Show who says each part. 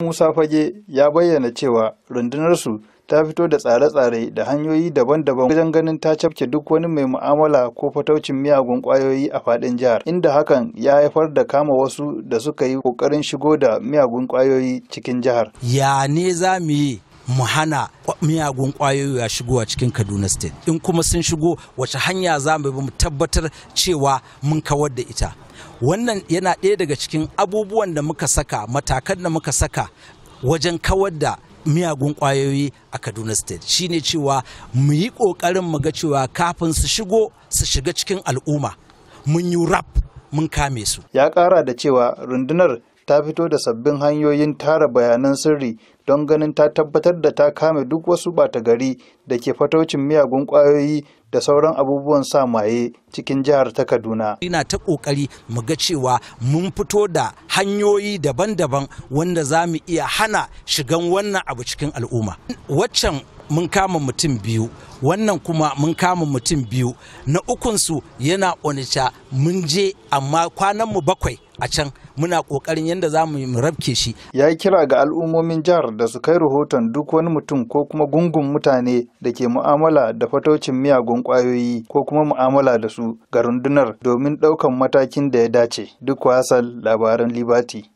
Speaker 1: Musa Fage ya bayyana cewa rundunarsu ta fito da tsare-tsare da hanyoyi daban-daban wajen ganin ta cafke duk wani mai mu'amala ko fataucin miyagun kwayoyi a fadin jihar inda hakan ya haifar da kama wasu da suka yi kokarin shigo da miyagun kwayoyi cikin jihar
Speaker 2: ya ne za mu yi mu hana miyagun kwayoyi ya shigo a cikin kaduna state in kuma sun shigo wace hanya za mu bi mu tabbatar cewa mun kawar da ita wannan yana ɗaya daga cikin abubuwan da muka saka matakan da muka saka wajen kawar da miyagun ƙwayoyi a kaduna state shine cewa mu yi ƙoƙarin mu ga cewa kafin su shigo su shiga cikin al'umma mun yi rap
Speaker 1: mun kame su ya ƙara da cewa rundunar ta fito da sabbin hanyoyin tara bayanan sirri don ganin ta tabbatar da ta kame duk wasu bata gari da ke fatocin miyagun kwayoyi da sauran abubuwan sa maye cikin jihar ta Kaduna.
Speaker 2: Ina ta ƙoƙari mu ga cewa mun fito da hanyoyi daban-daban wanda za mu iya hana shigan wannan abu cikin al'umma. Waccan mun kama mutum biyu wannan kuma mun kama mutum biyu na ukunsu yana onitsha mun je amma kwanan mu bakwai a can muna kokarin yadda za mu rabke shi
Speaker 1: ya yi kira ga al'ummomin jihar da su kai rahoton duk wani mutum ko kuma gungun mutane da ke mu'amala da fatocin miyagun kwayoyi ko kuma mu'amala da su ga rundunar domin ɗaukan matakin da ya dace duk wasan labaran libati